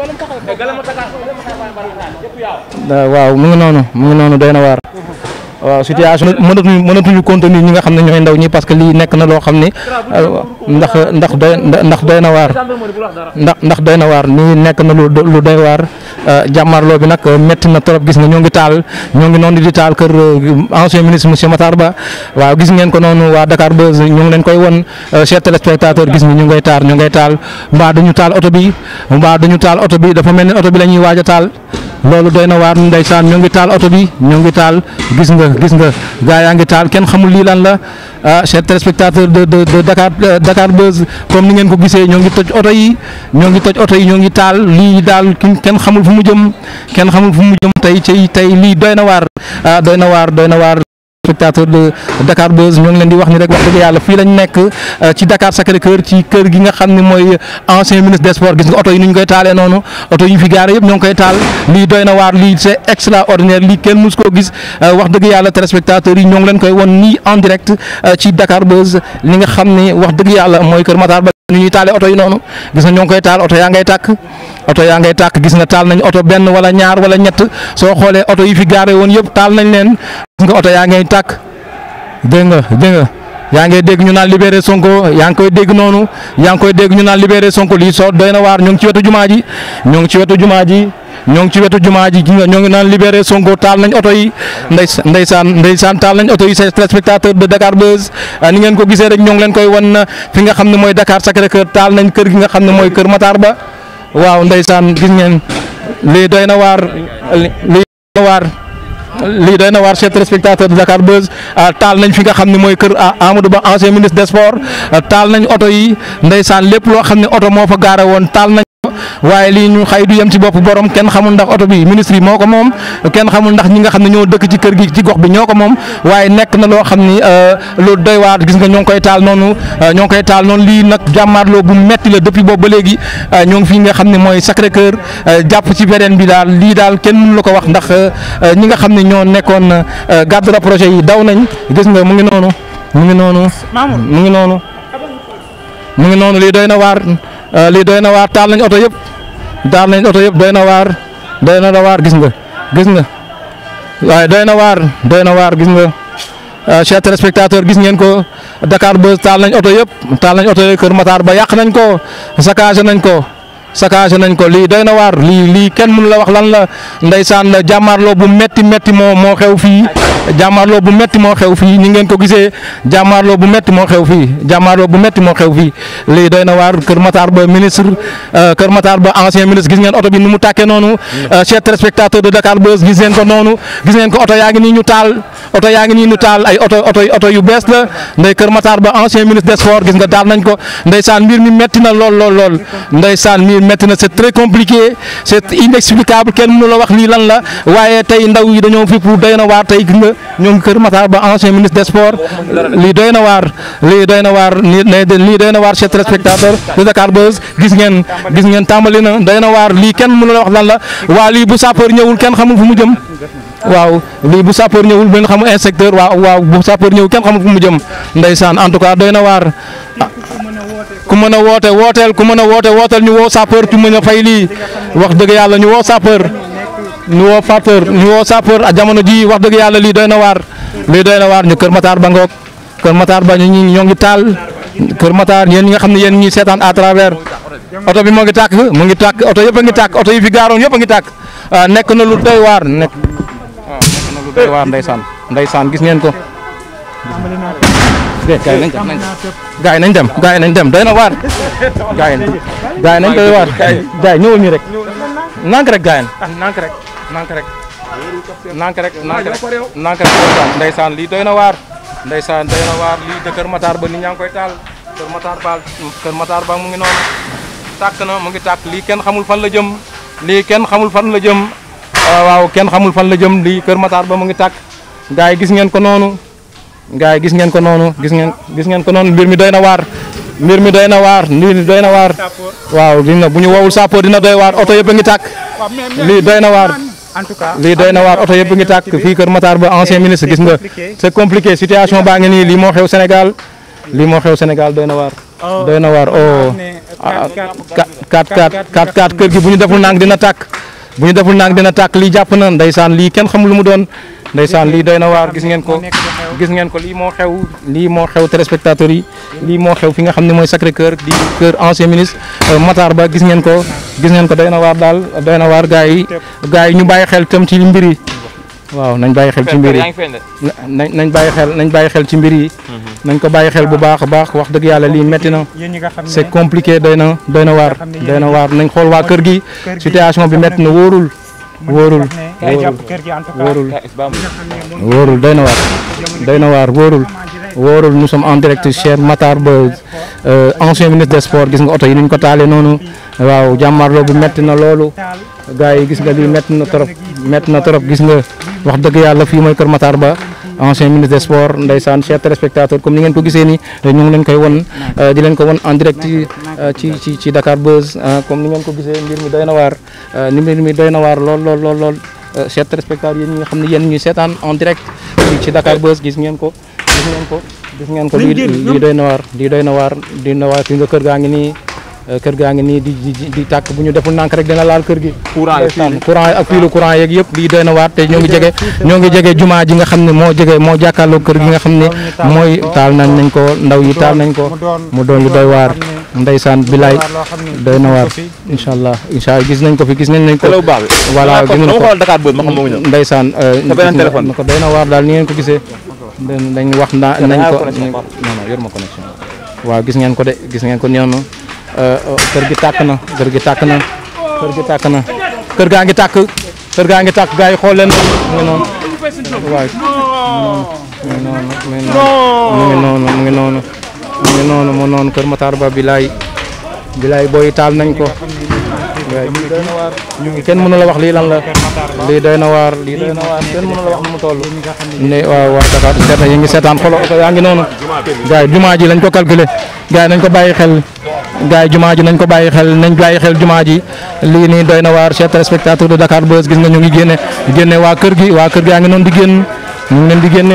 waaw mu ngi noonu mu ngi noonu doy na waar. waaw situation mënatuñu mënatuñu contenir ñi nga xam ne ñooy ndaw ñi parce que lii nekk na loo xam ne euh, ndax ndax doy ndax doy na waar ndax ndax doy na waar lii nekk na lu doy waar Euh, jàmmarloo bi nag euh, métti na trop gis nga ñoo ngi taal ñoo ngi noonu di taal kër euh, ancien ministre monsieur Matar Ba waaw gis ngeen ko noonu waa Dakar Buzz ñu ngi leen koy won chers téléspectateurs gis nga ñu ngay taal ñu ngay taal mbaa dañu taal oto mbaa dañu taal oto dafa mel ni oto bi a taal loolu doy na waar ndeysaan ñoo ngi taal oto bi ñoo ngi taal gis nga gis nga gaa yaa ngi taal kenn xamul lii lan la ah chers de de de Dakar euh, Dakar Buzz comme ni ngeen ko gisee ñoo ngi toj oto yi ñoo ngi toj oto yi ñoo ngi taal lii daal kenn xamul fu mu jëm kenn xamul fu mu jëm tey ci tey lii doy na waar ah doy na waar doy na waar. téléspectateurs de Dakar Buzz ñoo ngi leen di wax ni rek wax dëgg yàlla fii lañ nekk euh, ci Dakar Sacré-Cœur ci kër gi nga xam ne mooy ancien ministre des gis nga oto yi ni ñu koy taalee noonu oto yi ñu koy taal lii yaa ngay tàkk oto yaa ngay tàkk gis nga taal nañ oto benn wala ñaar wala ñett soo xoolee oto yi woon yëpp taal nañ leen gis nga oto yaa ngay tàkk dégg nga nga yaa ngi dégg ñu naan yaa ngi koy dégg noonu yaa ngi koy dégg ñu naan libéré Sonko lii soo doy na waar ñoo ngi ci wetu jumaa ji ñoo ngi ci wetu jumaa ji ñoo ngi ci wetu jumaa ji ñoo ngi naan libéré Sonko taal nañ oto yi ndeysaan ndeysaan taal nañ oto yi c'est téléspectateur de Dakar Buzz ah, ni ngeen ko gisee rek ñoo koy wan fi nga xam ne mooy Dakar Sacré-Cœur taal nañ kër gi nga xam ne mooy kër Matar Ba waaw ndeysaan gis ngeen lii doy na waar lii doy na waar lii doy na waar chers téléspectateurs de Dakar Buzz ah, taal nañ fi nga xam ne mooy kër ah, Amadou Ba ancien ministre des sports ah, taal nañ oto yi ndeysaan lépp loo xam ne oto moo fa gaare woon taal nañ waaye lii ñu xay du yem ci bopp borom kenn xamul ndax oto bi ministre yi moo ko moom kenn xamul ndax ñi nga xam ne ñoo dëkk ci kër gi ci gox bi ñoo ko moom waaye nekk na loo xam ni euh, lu doy waar gis nga ñoo ngi koy taal noonu euh, ñoo ngi koy taal noonu lii nag jàmmaarloo bu metti la depuis boobu ba léegi euh, ñoo fi nga xam ne mooy Sacré Cœur jàpp ci beneen bi daal lii daal kenn mënu la ko wax ndax ñi nga xam ne ñoo nekkoon garde rapproché yi daw nañ gis nga mu ngi noonu mu ngi noonu mu ngi noonu mu ngi noonu lii doy na waar Euh, lii doy na waar taal nañ oto yëpp taal nañ oto yëpp doy na waar doy na waar gis nga gis nga waaye doy na waar doy na waar gis nga euh, chers téléspectateurs gis ngeen ko Dakar Buzz taal nañ oto yëpp taal nañ oto yëpp Kër Matar ba yàq nañ ko saccagé nañ ko saccagé nañ ko lii doy na waar lii lii kenn mënu la wax lan la ndeysaan jàmmaarloo bu metti metti moo moo xew fii. jàmmaarloo bu metti moo xew fii ni ngeen ko gisee jàmmaarloo bu metti moo xew fii jàmmaarloo bu metti moo xew fii lii doy na waar Kër Matar ba ministre euh, Kër Matar ba ancien ministre gis ngeen oto yaa ngi nii ñu taal ay oto yu bees la ndey Kër Matar ba ancien ministre des gis nga daal nañ ko ndeysaan mbir mi metti na lool lool lool ndeysaan mbir metti na c'est très compliqué c'est inexplicable kenn mënu la wax lii lan la waaye tey ndaw yi dañoo fi pour doy na waar tey que ñoo ngi Kër Matar ba ancien ministre des sports lii doy na waar lii doy na waar lii doy na waar chers téléspectateurs de Dakar Buzz gis ngeen gis ngeen tàmbali na doy na waar lii kenn mënu la wax lan la waa lii bu sapeur ñëwul kenn xamul fu mu jëm waaw lii bu sapeur ñëwul benn xamul inspecteur waaw bu sapeur ñëwul kenn xamul fu mu jëm ndeysaan en tout cas doy na waar ku mën a woote wooteel ku mën a woote wooteel ñu woo sapeur ci mën a fay lii wax dëgg yàlla ñu woo sapeur ñu woo sapeur ñu woo sapeur a jamono ji wax dëgg yàlla lii doy na waar lii doy na waar ñu kër Matar ba ngoog kër Matar ba ñu ñoo ngi taal kër Matar yéen ñi nga xam ne yéen ñi seetaan a travers oto bi moo ngi tàkk mu ngi tàkk oto yëpp a ngi tàkk oto yi fi gaaroon yëpp a ngi tàkk ah, nekk na lu doy waar nekk na lu doy ndeysaan gis ngeen ko gaa yi nañ dem gaa yi nañ dem gaa yi nañ doy na waar gaa nañ doy waar gaa yi ñëwal rek nank rek gaa yi ah, nank rek nank rek nank rek nank rek ndeysaan lii doy na waar ndeysaan doy na waar lii de Kër Matar ba nit ñaa ngi koy taal Kër Matar ba Kër Matar ba mu ngi noonu tàkk na mu ngi tàkk lii kenn xamul fan la jëm lii kenn xamul fan la jëm ah, waaw kenn xamul fan la jëm lii Kër Matar ba mu ngi tàkk gars yi gis ngeen ko noonu gars yi gis ngeen ko noonu gis ngeen gis ngeen ko noonu mbir mi doy na waar mbir mi doy na waar lii doy na waar waaw gis nga bu ñu dina doy waar oto yëpp a ngi tàkk lii doy na waar lii doy na waar oto yëpp ngi tàkk fii Kër Matar ba ancien ministre gis nga c'est compliqué situation baa ngi nii lii moo xew Sénégal lii moo xew Sénégal doy na waar doy na waar o 44 44 kër gi bu ñu deful nang dina tàkk bu ñu deful nang dina tàkk lii jàpp na ndeysaan lii kenn xamul lu mu doon ndeysaan lii doy na waar gis ngeen ko gis ngeen ko lii moo xew lii moo xew téléspectateurs yi lii moo xew fi nga xam ne mooy Sacré Cœur di kër ancien ministre euh, Matar Ba gis ngeen ko gis ngeen ko doy na waar daal doy na waar gars yi gars yi ñu bàyyi xel tam ci mbir yi waaw nañ bàyyi xel ci mbir yi nañ nañ bàyyi xel nañ bàyyi xel ci mbir yi nañ ko bàyyi xel bu baax a baax wax dëgg yàlla lii métti na c'est compliqué doy na doy na waar doy na waar nañ xool waa kër gi situation bi métti na wóorul woorul wóorul wóorul doy na waar doy na waar woorul wóorul nous sommes en direct cher Matar Ba euh, ancien ministre des sports gis nga oto yi ni ñu ko taalee noonu waaw jàmmaarloo bu metti na loolu gars yi gis nga lii metti na trop metti na trop gis nga wax dëgg yàlla fii mooy kër Matar Ba ancien ministre des sports ndeysaan chers téléspectateurs comme ni ngeen ko gisee ni koy won euh, di ko won en direct ci euh, ci ci Dakar Buzz euh, comme ni ko gisee mbir mi doy na waar ni mbir mi doy na waar lool lool xam ne yéen ñuy seetaan en direct ci Dakar Buzz gis ngeen ko gis ngeen ko gis doy na waar lii doy na waar lii kër gaa ngi nii kër gaa ngi nii di di tàkk bu ñu deful nànk rek dina laal kër gi. courant ak fii lu courant yeeg yëpp lii doy na waat te ñoo ngi jege ñoo ngi jege jumaa ji nga xam ne moo jege moo jàkkaarloo kër gi nga xam ne mooy taal nañ ko ndaw yi taal nañ ko mu doon lu doy waar ndeysaan bilaay doy na waar incha allah incha allah gis nañ ko fi gis nañ nañ ko voilà euh, gis ni ngeen ko gisee dañ wax naa nañ ko non non yor ma connexion waaw gis ngeen ko de gis ngeen ko noonu Euh, kër gi tàkk na kër gi tàkk na kër gi tàkk na kër gaa ngi tàkk kër gaa ngi tàkk gars yi xool leen mu ngi noonu waay mu ngi kër Matar Ba bilaay bilaay booy taal nañ ko ñu kenn mënu la wax lii lan la lii doy na waar lii doy na waar kenn mënu la wax nu mu toll ne waaw waa Dakar seeta yi ngi seetaan xolo oto yaa ngi noonu gars yi jumaa ji lañ ko calculer gars yi nañ ko bàyyi xel gars yi jumaa ji nañ ko bàyyi xel nañ bàyyi xel jumaa ji lii nii doy na waar chers téléspectateurs de Dakar Buzz gis nga ngi génne génne waa kër gi waa kër gi yaa noonu di génn ñu ngi leen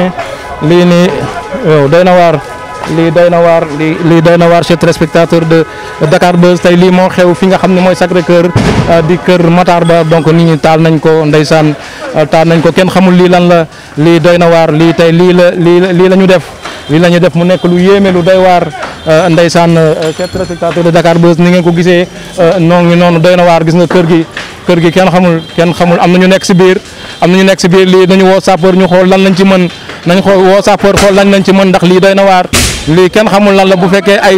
lii nii doy na waar lii doy na waar lii lii doy na waar chers téléspectateurs de Dakar Buzz tey lii moo xew fi nga xam ne mooy Sacré Cœur euh, di kër Matar Ba donc nit ñi taal nañ ko ndeysaan euh, taal nañ ko kenn xamul lii lan la lii doy na waar lii tey lii la lii la la ñu def lii la ñu def mu nekk lu yéeme lu doy waar. Euh, ndeysaan chers téléspectateurs de Dakar Buzz ni ngeen ko gisee noo ngi noonu doy na waar gis nga kër gi kër gi kenn xamul kenn xamul am na ñu nekk si biir am na ñu nekk si biir lii dañu woo sapeur ñu xool lan lii kenn xamul lan la bu fekkee ay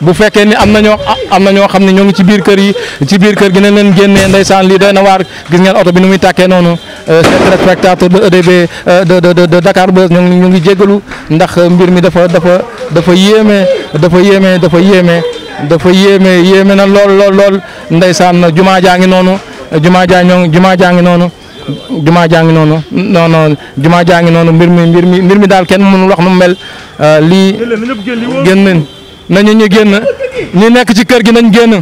bu fekkee ni am na ñoo na ñoo xam ne ñoo ngi ci biir kër yi ci biir kër gi nañ leen génnee ndeysaan lii doy na waar gis ngeen oto bi nu muy tàkkee noonu euh, chers téléspectateurs de EDB e euh, de de de Dakar Buzz ngi ñu jégalu ndax mbir mi dafa dafa dafa yéeme dafa yéeme dafa yéeme dafa yéeme yéeme na lool lool lool ndeysaan jumaa jaa ngi noonu jumaa jaa ñoo jumaa jaa ngi noonu. jumaa jaa ngi noonu non non jumaa jaa ngi noonu mbir mi mbir mi mbir mi daal kenn mënul wax nu mu mel euh, lii génn nañu ñu génn ñu nekk ci kër gi nañ génn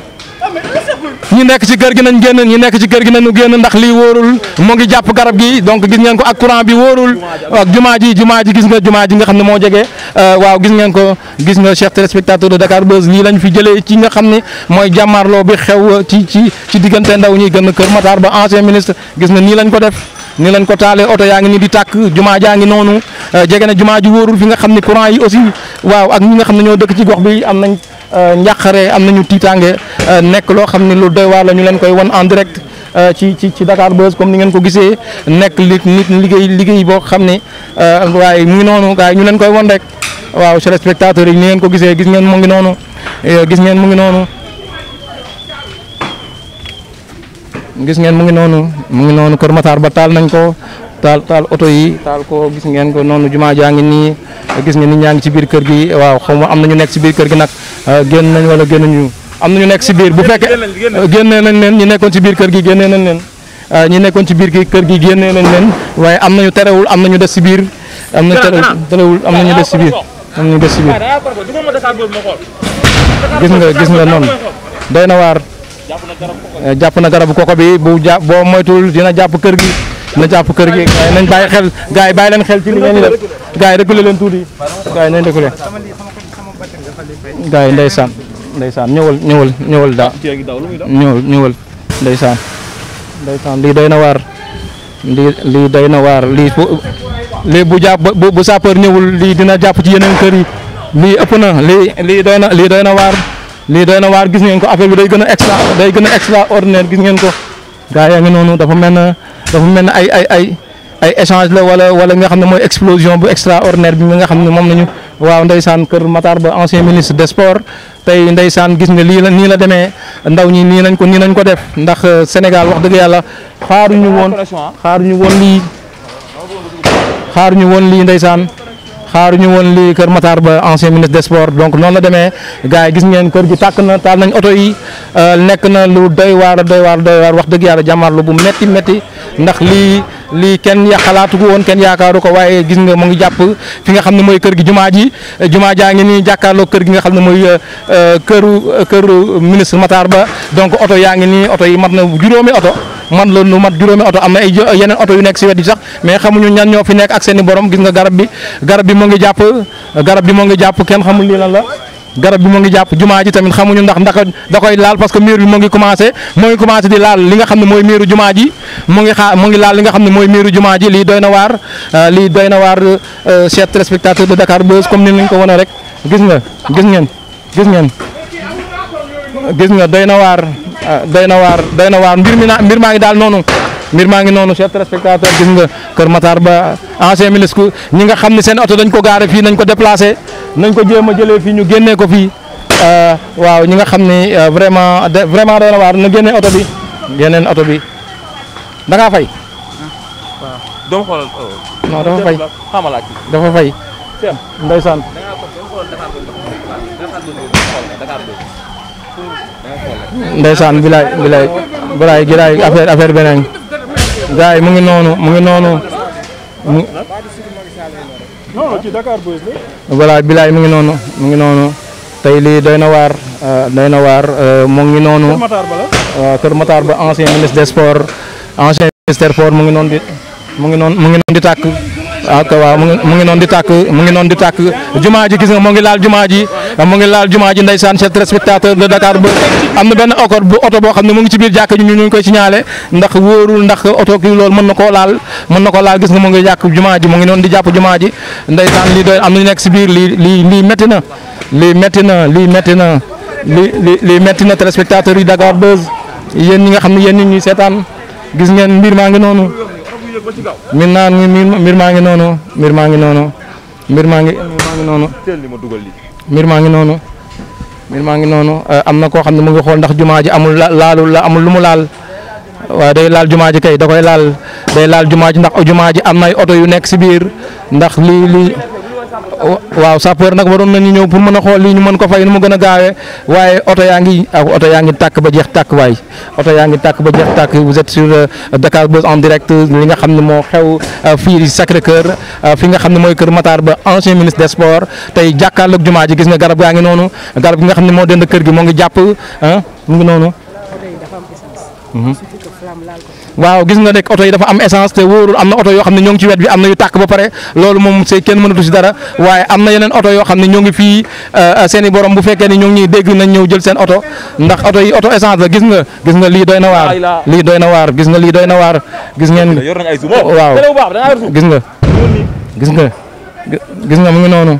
ñi nekk ci kër gi nañ génn ñi nekk ci kër gi nañu génn ndax lii wóorul mu ngi jàpp garab gi donc gis ngeen ko ak courant bi wóorul ak jumaa ji jumaa ji gis nga jumaa ji nga xam ne moo jege euh, waaw gis ngeen ko gis nga chef téléspectateur de Dakar Buzz lii lañ fi jëlee ci nga xam ne mooy jàmmaarloo bi xew ci ci ci diggante ndaw ñi gën Kër mataar ba ancien ministre gis na nii lañ ko def nii lañ ko taalee oto yaa ngi nii di tàkk jumaa jaa ngi noonu euh, jege na jumaa ji wóorul fi nga xam ne courant yi aussi waaw ak ñi nga xam ne ñoo dëkk ci gox bi am nañ euh, njàqare am nañu tiitaange Euh, nekk loo xam ne lu doy waar ñu leen koy won en direct euh, ci ci ci Dakar Buzz comme ni ngeen ko gisee nekk li nit liggéey liggéey boo xam ne euh, waaye mu ngi noonu waaye ñu leen koy won rek waaw chers spectateurs yi ni ngeen ko gisee gis ngeen mu ngi noonu gis ngeen mu ngi noonu gis ngeen mu ngi noonu mu ngi noonu Kër Matar ba taal nañ ko taal taal oto yi taal ko gis ngeen ko noonu jumaa jaa ngi nii gis ngeen ni ñaa ngi ci biir kër gi waaw xaw ma am na ñu nekk si biir kër gi nag génn nañ wala génn ñu am na ñu nekk si biir bu fekkee génnee nañ leen ñi nekkoon si biir kër gi génnee nañ leen ah, ñi nekkoon ci biir gi kër gi génnee nañ leen waaye am nañu terewul am nañu des si biir am na terewul am nañu des si biir am nañu si biir ah, gis nga gis nga noonu doy na waar jàpp na garabu koko bi eh, bu jà boo moytuwul dina jàpp kër gi dina jàpp kër gi waaye nañ bàyyi xel gars yi bàyyi leen xel ci li ngeen di def gars yi reculer leen tuuti gars yi nañ reculer gars yi ndeysaan ndeysaan ñëwal ñëwal ñëwal daa ñëwal ñëwal ndeysaan ndeysaan lii doy na waar lii lii doy na waar lii bu bu jàpp bu bu sapeur ñëwul lii dina jàpp ci yeneen kër yi lii ëpp na lii lii doy na lii doy na waar lii doy na waar gis ngeen ko affaire bi day gën a extra day gën a extraordinaire gis ngeen ko gaa yaa ngi noonu dafa mel na dafa mel na ay ay ay ay échange la wala wala nga xam ne mooy explosion bu extraordinaire bi nga xam ne moom nañu waaw ndeysaan kër Matar ba ancien ministre des sports tey ndeysaan gis nga lii la nii la demee ndaw ñi nii lañ ko nii lañ ko def ndax euh, Sénégal wax dëgg yàlla xaaruñu woon xaaruñu woon lii xaaruñu woon lii ndeysaan xaaruñu woon lii Kër Matar ba ancien ministre des sports donc noonu la demee gars yi gis ngeen kër gi tàkk na taal nañ oto yi euh, nekk na lu doy waar doy waar doy waar wax dëgg yàlla jàmmaarlu bu metti metti ndax li lii kenn ya xalaatu ko woon kenn yaakaaru ko waaye gis nga mu ngi jàpp fi nga xam ne mooy kër gi jumaa ji jumaa jaa ngi nii jàkkaarloo kër gi nga xam ne mooy euh, kër këru ministre Matar ba donc oto yaa ngi nii oto yi mat na juróomi oto. man la lu mat juróomi oto am na ay yeneen oto yu nekk si wet yi sax mais xamuñu ñan ñoo fi nekk ak seen i borom gis nga garab bi garab bi moo ngi jàpp garab bi moo ngi jàpp kenn xamul lii lan la garab bi moo ngi jàpp jumaa ji tamit xamuñu ndax ndax da koy laal parce que mur bi moo ngi commencé moo ngi commencé di laal li nga xam ne mooy muru jumaa ji mu ngi xaa mu ngi laal li nga xam ne mooy muru jumaa ji lii doy na waar euh, lii doy na waar euh, chers téléspectateurs de Dakar Buzz comme ni ñu ko wane rek gis nga gis ngeen gis ngeen gis nga doy na waar Ah, doy na waar doy na waar mbir mi naa mbir maa ngi daal noonu mbir maa ngi noonu chers téléspectateurs gis nga Kër Matar ba ancien ministre ñi nga xam ne seen oto dañ ko gaare fii nañ ko déplacé nañ ko jéem a jëlee fii ñu génnee ko fii ah, waaw ñi nga xam ne ah, vraiment vraiment doy na waar na génnee oto bi génneen oto bi danga ngaa fay. waaw doo xoolal oh. non dafa fay dafa fay. ndeysaan ndeysaan bilay bilay bilay gilaay affaire affaire beneen gars yi mu ngi noonu mu ngi noonu mu. bilay mu ngi noonu mu ngi noonu tey lii doy na waar euh, doy na waar euh, mu ngi noonu. Kër Matar Ba ancien ministre des sports ancien ministre des mu ngi noonu di mu ngi noonu di tàkk. ak waaw mu ngi mu ngi noonu di tàkk mu ngi noonu di tàkk jumaa ji gis nga mu ngi laal jumaa ji mu ngi laal jumaa ji ndeysaan chers téléspectateurs de Dakar ba am na benn ñi nga xam ne yéen nit ñuy seetaan gis ngeen mbir maa ngi noonu mbir naa mbir maa ngi noonu mbir maa ngi noonu mbir maa ngi noonu mbir maa ngi noonu mbir maa ngi noonu eh, am na koo xam ne mu ngi xool ndax jumaa ji amul laalu la amul lu mu laal waaw day laal jumaa ji kay da koy laal day laal jumaa ji ndax jumaa ji am nay oto yu nekk si biir ndax lii lii waaw sapeur nag waroon nañu ñëw pour mën a xool lii ñu mën ko fay nu mu gën a gaawee waaye oto yaa ngi ah, oto yaa ngi tàkk ba jeex tàkk waay oto yaa ngi tàkk ba jeex tàkk vous êtes sur euh, Dakar Buzz en direct li nga xam ne moo xew euh, fii Sacré Cœur euh, fi nga xam ne mooy Kër Matar ba ancien ministre des sports tey jàkkaarloog jumaa ji gis nga garab gaa ngi noonu garab gi nga xam ne moo dend kër gi moo ngi jàpp ah mu ngi noonu. waaw gis nga nekk oto yi dafa am essence te wóorul am na oto yoo xam ne ñoo ngi ci wet bi am na yu tàkk ba pare loolu moom c'est kenn mënatu si dara waaye am na yeneen oto yoo xam ne ñoo ngi fii euh, euh, seeni borom bu fekkee ni ñoo ngi ñuy dégg nañ ñëw jël seen oto ndax oto yi oto essence la gis nga gis nga lii doy na waar lii doy na waar gis nga lii doy na waar gis ngeen waaw gis nga gis nga gis nga mu ngi noonu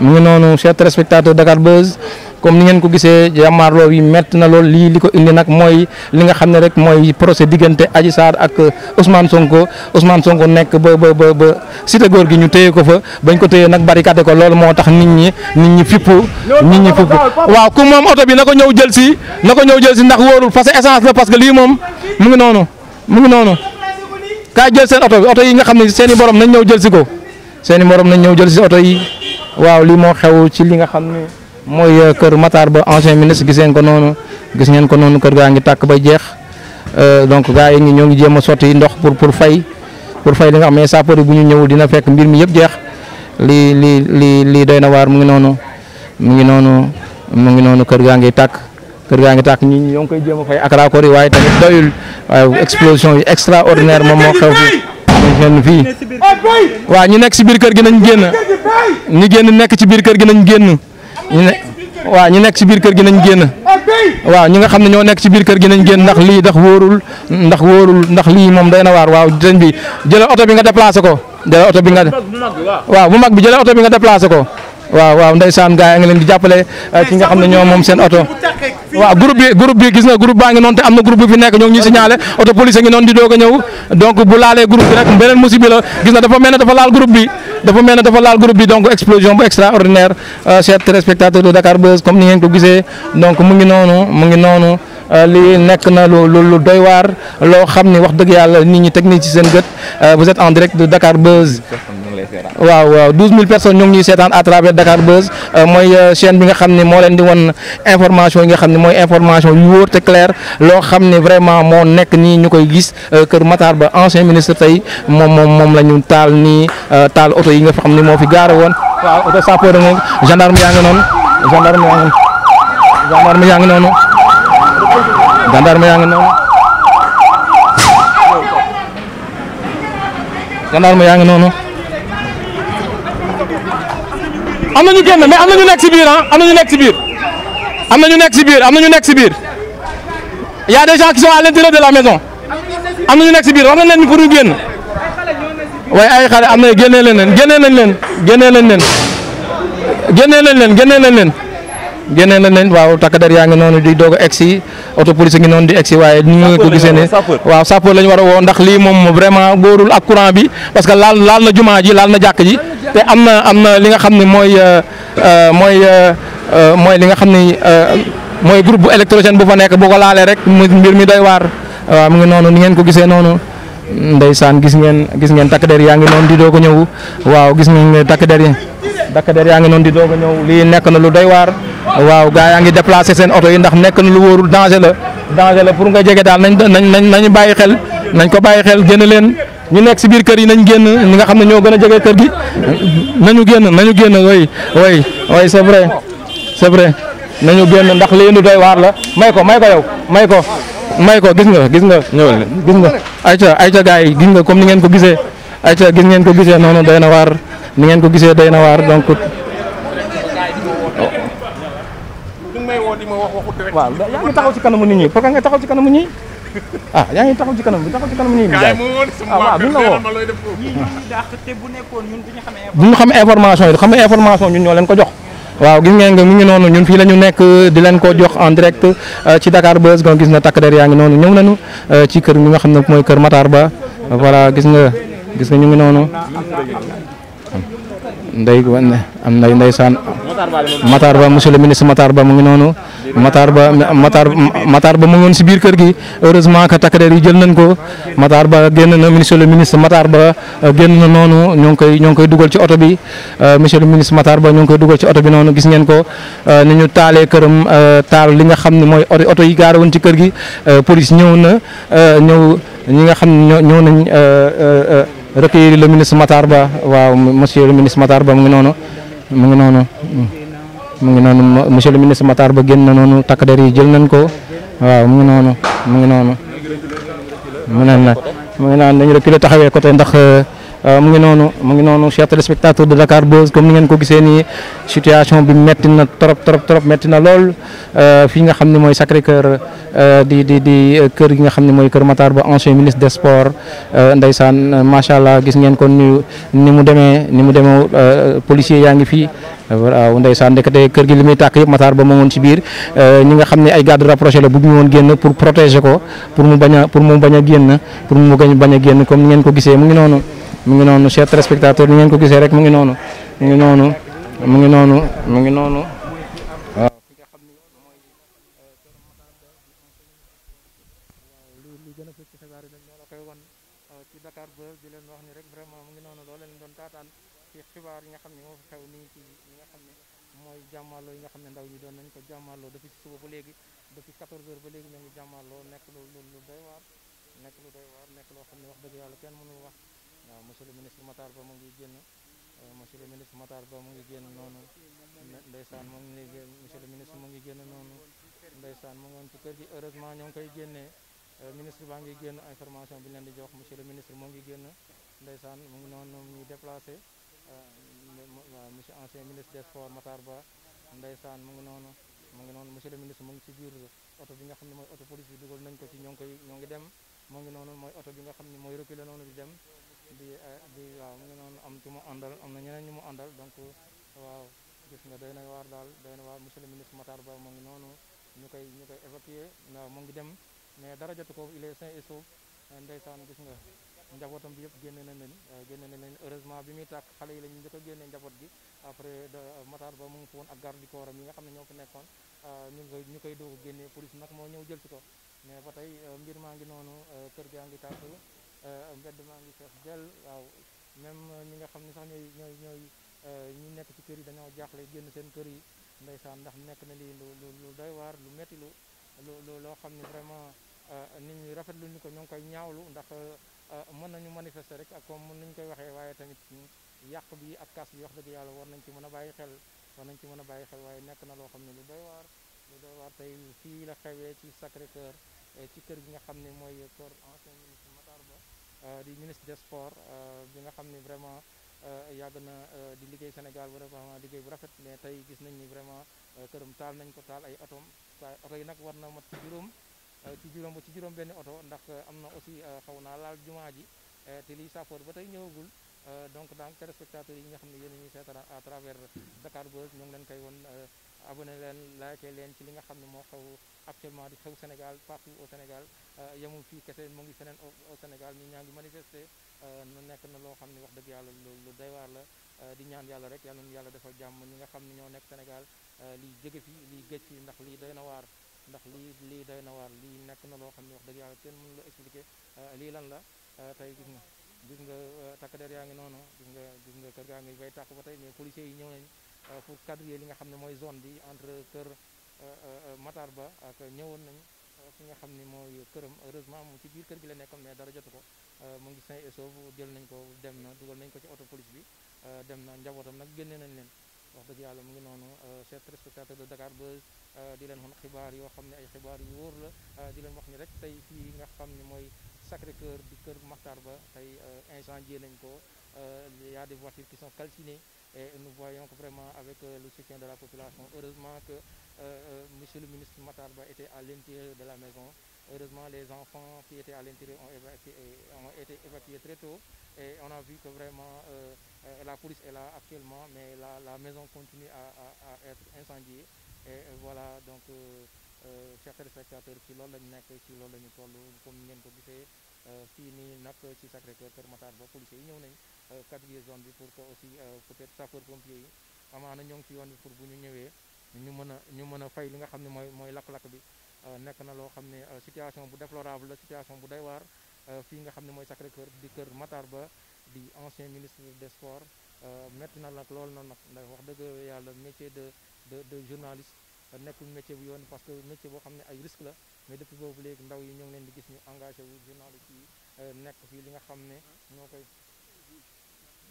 mu ngi noonu chers téléspectateurs Dakar Buzz comme ni ngeen ko gisee jàmmaarloo yi métti na lool lii li ko indi nag mooy li nga xam ne rek mooy procès diggante Adji Sarr ak euh, Ousmane Sonko Ousmane Sonko nekk ba ba ba ba cité góor gi ñu téye ko fa bañ ko téye nag barricade ko loolu moo tax nit ñi nit ñi fippu nit ñi fippu waaw ku moom oto bi na ko ñëw jël si na ñëw jël si ndax wóorul parce que essence la parce que lii moom mu ngi noonu mu ngi noonu kaay jël seen oto bi oto yi nga xam ne seen i borom nañ ñëw jël si ko seen borom nañ ñëw jël si oto yi waaw lii moo xew ci li nga xam ne mooy euh, kër Matar ba ancien ministre gis ngeen ko noonu gis ngeen ko noonu kër gaa ngi tàkk ba jeex euh, donc gaa yi ñoo ngi jéem a sotti ndox pour pour fay pour fay li nga xam ne sapeur bu ñu ñëwul dina fekk mbir mi yëpp jeex lii lii lii lii doy na waar mu ngi noonu mu ngi noonu mu ngi noonu kër gaa ngi tàkk kër gaa ngi tàkk ñi ñoo ngi koy jéem a fay ak raccord yi waaye tamit doyul waaye explosion yi extraordinaire moom moo xew fii waa ñu nekk si biir kër gi nañ génn ñu génn nekk ci biir kër gi nañ génn ñu ne ñu nekk si biir kër gi nañ génn waaw ñi nga xam ne ñoo nekk si biir kër gi nañ génn ndax lii ndax wóorul ndax wóorul ndax lii moom day na waar waaw sëñ bi jëlal oto bi nga déplacé ko jëlal oto bi nga waaw bu mag bi jëlal oto bi nga déplacé ko waaw waaw ndeysaan gars yi nga leen di jàppale ci uh, nga xam ne ñoom moom seen oto waaw groupe bi gis na group baa ngi noonu te am na groupe bi fi nekk ñoo ngi ñuy signalé police a ngi noonu di doog a ñëw donc bu laalee groupe bi rek beneen musiba la gis na dafa mel ne dafa laal groupe bi dafa mel ne dafa laal groupe bi donc explosion bu extraordinaire uh, chers téléspectateurs de Dakar Buzz comme ni ngeen ko gisee donc mu ngi noonu mu ngi noonu uh, lii nekk na lu lu doy waar loo xam ni wax dëgg yàlla nit ñi teg nii ci seen gët vous êtes waaw waaw douze mille personnes ñoo ñuy seetaan à travers Dakar Buzz euh, mooy euh, chaîne bi nga xam ne moo leen di won information yi nga xam ne mooy information yu wóor te clair loo xam ne vraiment moo nekk nii ñu koy gis euh, Kër Matar Ba ancien ministre tey moom moom moom la ñu taal nii taal oto yi nga xam ne moo fi gaare woon waaw oto sapeur moom gendarme yaa ngi noonu gendarme yaa ngi gendarme yaa ngi noonu gendarme yaa ngi noonu am na ñu génn mais am na ñu nekk si biir ah am na ñu nekk si biir am na ñu nekk si biir am na ñu nekk si biir y a des gens qui sont à l'intérieur de la maison am na ñu nekk si biir wax na leen pour ñu génn waaye ay xale am na génnee leen leen génnee nañ leen génnee nañ leen génnee nañ leen génnee nañ leen génnee nañ leen waaw takk der yaa ngi noonu di doog a egg si auto police ngi noonu di egg si waaye ni nga ko gisee ne waaw sapeur la ñu war a woo ndax lii moom vraiment góorul ak courant bi parce que laal laal na jumaa ji laal na jàkk ji te am na li nga xam ne mooy euh, euh, mooy euh, mooy li nga xam ne mooy groupe bu électrogène bu fa nekk bu ko laalee rek mu mbir mi day waar waaw mu ngi noonu ni ngeen ko gisee noonu ndeysaan gis ngeen gis ngeen takk der yaa ngi noonu di doog ko ñëw waaw gis ngeen takk der yi takk der yaa ngi noonu di doo a ñëw lii nekk na lu day waar waaw gaa yaa ngi déplacé seen oto yi ndax nekk na lu wóorul danger la danger la pour nga jege daal nañ nañ nañ bàyyi xel nañ ko bàyyi xel génn leen ñu nekk si biir kër yi nañ génn ñi nga xam ne ñoo gën a jege kër gi nañu génn nañu génn way way way c'est vrai nañu génn ndax lii nu waar la may ko may ko may ko may ko gis nga gis nga ñëwal gis nga ayca ayca gars yi gis nga comme ni ngeen ko gisee ayca gis ngeen ko gisee noonu day na waar ni ngeen ko gisee day na waar donc waaw yaa ngi taxaw ci kanamu nit ñi pour que nga taxaw ci kanamu nit ah yaa ngi taxaw ci kanam bi taxaw ci kanam ah, ñuy bu ñu xam information yi xam nga information ñun ñoo leen ko jox waaw gis nga mu ngi noonu ñun fii lañu nekk di leen ko jox en direct euh, ci Dakar Buzz kon gis na takk der yaa ngi noonu ñëw nañu euh, ci kër mi nga xam ne mooy kër Matar Ba voilà gis nga gis nga ñu ngi noonu ndey am nday ndeysaan Matar Ba monsieur le ministre Matar Ba mu ngi noonu Matar Ba Matar Matar mu ngi woon si biir kër gi heureusement que takk der yi jël nañ ko mataar Ba génn na monsieur le ministre Matar Ba euh, génn na noonu ñoo ngi koy ñoo ngi koy dugal ci oto bi euh, monsieur le ministre Matar Ba ñoo ngi koy dugal ci oto bi noonu gis ngeen ko euh, ni ñu taalee këram taal li nga xam ne mooy oto yi gaar woon ci kër gi police ñëw na ñëw ñi nga xam ne ñëw nañ recueillir le ministre Matar Ba waaw monsieur le ministre Matar Ba noonu. mu ngi noonu mu ngi noonu monsieur le ministre Matar ba génn na noonu takk der yi jël nañ ko waaw mu ngi noonu mu ngi noonu mu ne na mu ndax euh, Euh, mu ngi noonu mu ngi noonu chers téléspectateurs de Dakar Buzz comme ni ngeen ko gisee nii situation bi metti na trop trop trop metti na lool euh, fii nga xam ni mooy Sacré Cœur euh, di di di kër gi nga xam ne mooy Kër Matar Ba ancien ministre des sports ndeysaan macha allah gis ngeen kon ni ni mu demee ni mu demee policier yaa ngi fii waaw ndeysaan ndekete kër gi li muy tàkk yëpp Matar Ba moo woon ci biir ñi nga xam ni ay garde rapproché la bu ñu woon génn pour protéger ko pour mu bañ a pour mu bañ a génn pour mu bañ génn comme ngeen ko gisee mu ngi noonu. mu ngi noonu chers téléspectateurs ni ngeen ko gisee rek mu ngi noonu mu ngi noonu mu ngi noonu mu ngi noonu waaw jàmmaloo yi nga xam ne ndaw ñi doon nañ ko jàmmaloo depuis ci suba ba léegi depuis 14 heures ba léegi ñoo jàmmaloo nekk lu lu doy waar nekk lu doy waar nekk loo xam ne wax dëgg yàlla kenn mënu wax waaw monsieur le ministre Matar Ba mu ngi génn monsieur le ministre Matar Ba mu ngi génn noonu ndeysaan mu mu ngi noonu ci kër gi heureusement ñoo ngi koy génnee ministre baa ngi génn information bi ñu leen di jox monsieur le ministre mu ngi génn ndeysaan mu ngi noonu ñuy déplacé monsieur ancien ministre des sports Matar Ba ndeysaan mu ngi noonu mu ngi noonu monsieur le ministre mu ngi ci biir oto bi nga xam ne mooy oto police bi dugal nañ ko ci ñoo ngi koy ñoo ngi dem mu ngi noonu mooy oto bi nga xam ne mooy reculé dem di eh, di waaw mu ngi noonu am ci mu àndal am na ñeneen ñu mu àndal donc waaw gis nga doy na waar daal doy na waar monsieur le ministre Matar Ba mu ngi noonu ñu koy ñu koy évacuer waaw mu ngi dem mais dara jotu ko il est sain et sauf eh, gis nga njabootam bi yëpp génne nañ leen génne nañ leen heureusement bi muy tàkk xale yi la ñu njëkk a njaboot gi après euh, Matar Ba mu ngi fi woon ak garde du corps nga xam ne ñoo fi nekkoon ñu ngi ñu koy doogu génne police nag moo ñëw jël si ko mais ba tey euh, mbir maa ngi noonu euh, kër gaa ngi tàkk Euh, mbedd maa ngi fees dell waaw même euh, ñi nga xam ne sax ñooy ñooy ñooy euh, ñu nekk ci kër yi dañoo jaaxle génn seen kër yi ndeysaan ndax nekk na lii lu lu doy waar lu metti lu lu loo xam ne vraiment nit ñi rafetlu ñu ko ñoo ngi koy ñaawlu ndax mën nañu manifester rek ak comme mën nañ koy waxee waaye tamit yàq bi ak kaas bi wax dëgg yàlla war nañ ci mën a bàyyi xel war nañ ci mën a bàyyi xel waaye nekk na loo xam ne lu doy waar lu doy waar tey fii la xewee ci Sacré Cœur Eh, ci kër gi nga xam ne mooy kër ancien ministre Matar Ba euh, di ministre des sports euh, bi nga xam ne vraiment euh, yàgg na di liggéey Sénégal vraiment liggéey bu rafet mais tey gis nañ ni vraiment këram taal nañ ko taal ay waaye oto yi nag war na mat juróom ci juróom ci juróom benni oto ndax am na aussi xaw naa laal jumaa ji te lii sapeur ba tey ñëwagul donc donc téléspectateurs yi nga xam ne yéen a ñuy seetaan à travers Dakar Buzz ñoo ngi leen koy won abonné leen laajte leen ci li nga xam ne moo xew actuellement di xew Sénégal partout au Sénégal euh, yemul fii kese mu ngi feneen au Sénégal ñu ñaa ngi manifester euh, nu nekk na loo xam ne wax dëgg yàlla lu doy waar la euh, di ñaan yàlla rek yàlla yàlla defal jàmm ñi nga xam ne ñoo nekk Sénégal lii jege fi lii gëj fi ndax lii doy na waar ndax lii lii doy na waar lii nekk na loo xam ne wax dëgg yàlla kenn mënu la expliquer li lan la tey gis nga gis nga takk der yaa ngi noonu gis nga gis nga kër gaa ngi bay tàkk ba tey mais policiers yi ñëw nañ pour euh, quadriller li nga xam ne mooy zone bi entre kër euh, euh, Matar Ba ak ñëwoon nañ fi nga xam ni mooy këram heureusement mu ci biir kër gi la nekkoon mais dara jotu ko mu ngi sain et sauve jël nañ ko dem na dugal nañ ko ci auto police bi dem na njabootam nag génne nañ leen wax dëgg yàlla mu ngi noonu chers téléspectateurs de Dakar Buzz di leen xon xibaar yoo xam ne ay xibaar yu wóor la di leen wax ni rek tey fii nga xam ni mooy Sacré Cœur di kër Matar Ba tey incendié nañ ko il y a des voitures qui sont calcinées Et nous voyons que vraiment avec euh, le soutien de la population, heureusement que euh, euh, Monsieur le ministre Matarba était à l'intérieur de la maison. Heureusement, les enfants qui étaient à l'intérieur ont, ont, été évacués très tôt. Et on a vu que vraiment euh, la police est là actuellement, mais la, la maison continue à, à, à, être incendiée. Et voilà, donc, euh, chers téléspectateurs, ci loolu la ñu nekk ci loolu la ñu toll comme ngeen ko gisee nii nag ci Sacré-Cœur Kër Matarba policiers yi ñëw nañ Euh, quadriller zone bi pour que aussi euh, peut-être sapeur pompier yi amaana ñoo ngi ci yoon bi pour bu ñu ñëwee ñu mën a ñu mën a fay li nga xam ne mooy mooy lakk-lakk bi euh, nekk na loo xam ne situation bu déplorable la situation bu doy waar fii nga xam ne mooy Sacré-Cœur di kër Matar Ba di ancien ministre des sports métti na nag loolu noonu nag ndax wax dëgg yàlla métier de de de journaliste nekkul métier bu yoon parce que métier boo xam ne ay risque la mais depuis boobu léegi ndaw yi ñoo ngi di gis ñu engagé wu journaliste yi nekk fii li nga xam ne ñoo koy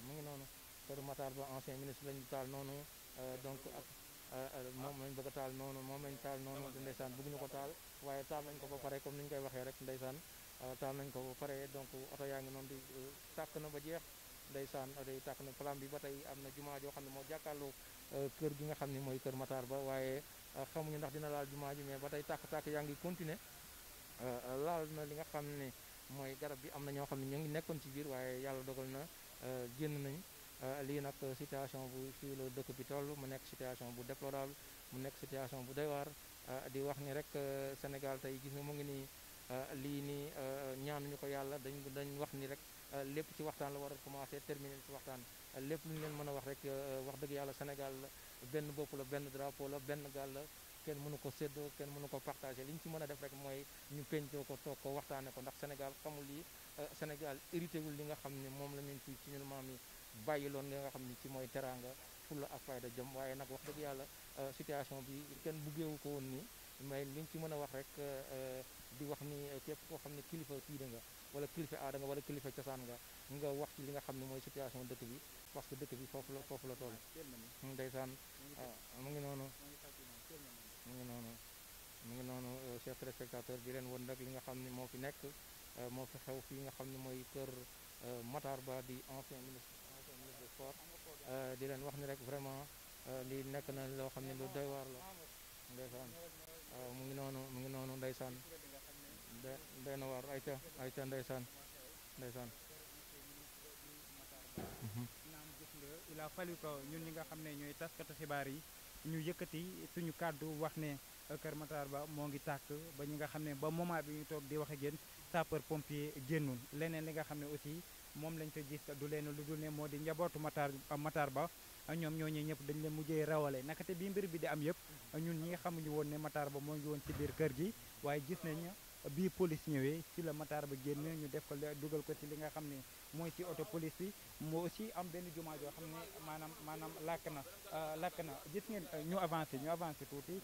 mu ngi noonu kër Matar Ba ancien ministre lañu taal noonu euh, donc ak euh, euh, moom lañ bëgg taal noonu moom lañ taal noonu ndeysaan bëgg ñu ko taal waaye taal nañ ko ba pare comme ni ñu koy waxee rek ndeysaan taal nañ ko ba pare donc oto yaa ngi noonu di tàkk na ba jeex ndeysaan oto yi tàkk na plan bi ba tey am na jumaa joo xam ne moo jàkkaarloo kër gi nga xam ne mooy kër Matar Ba waaye xamuñu ndax dina laal jumaa ji mais ba tey tàkk-tàkk yaa ngi continuer laal na nga xam ne mooy garab bi am na ñoo xam ne ñoo ngi nekkoon ci biir waaye yàlla dogal na euh, génn nañ euh, lii nag situation bu fii dëkk bi toll mu nekk situation bu déplorable mu nekk situation bu doy waar euh, di wax ni rek Sénégal tey gis nga ngi nii lii nii ñaanuñu ko yàlla dañ dañ wax ni rek lépp ci waxtaan la war a commencé terminer ci waxtaan lépp lu ñu leen mën a wax rek wax dëgg yàlla Sénégal benn bopp la benn drapeau la benn gaal la kenn mënu ko séddoo kenn mënu ko partagé li ñu ci mën a def rek mooy ñu pencoo ko toog ko waxtaane ko ndax Sénégal xamul yi euh, Sénégal hérité wul li nga xam ne moom la ñu ci ci ñun maam yi loon li nga xam ne ci mooy teraanga fulla ak fayda jëm waaye nag wax dëgg yàlla euh, situation bi kenn buggeewu ko woon nii mais liñ ci mën a wax rek euh, di wax ni képp koo xam ne kilifa tiida nga wala kilifa aada nga wala kilifa cosaan nga nga wax ci li nga xam ne mooy situation dëkk bi parce que dëkk bi foofu la foofu la toll ndeysaan mu ngi noonu mu ngi noonu mu ngi noonu euh, chers téléspectateurs di leen won nag li nga xam ne moo fi nekk euh, moo fi xew fii nga xam ni mooy kër euh, Matar Ba di ancien ministre de sport di leen wax ni rek vraiment lii nekk na loo xam ne lu doy waar la ndeysaan mu ngi noonu mu ngi noonu ndeysaan doy na waar ayca ayca ndeysaan ndeysaan mhm. naam gis nga il ñun ñi nga xam ne ñooy taskatu xibaar yi ñu yëkkati suñu kàddu wax ne euh, Kër Matar Ba moo ngi tàkk ba ñu nga xam ne ba moment bi ñu toog di waxee ak yéen sapeur pompier leneen li nga xam ne aussi moom lañ fa gis du leen lu dul ne moo di njabootu Matar euh, Matar Ba euh, ñoom ñooñu ñëpp dañ leen mujjee rawale nakate bi mbir bi di am yëpp ñun ñi nga xamuñu woon ne Matar Ba moo ngi woon ci biir kër gi waaye gis nañ bii police ñëwee ci la Matar Ba génn ñu def ko dugal ko ci li nga xam ne mooy ci oto police bi moo si am benn jumaa joo xam ne maanaam maanaam làkk na euh, làkk na gis ngeen euh, ñu avancé ñu avancé tuuti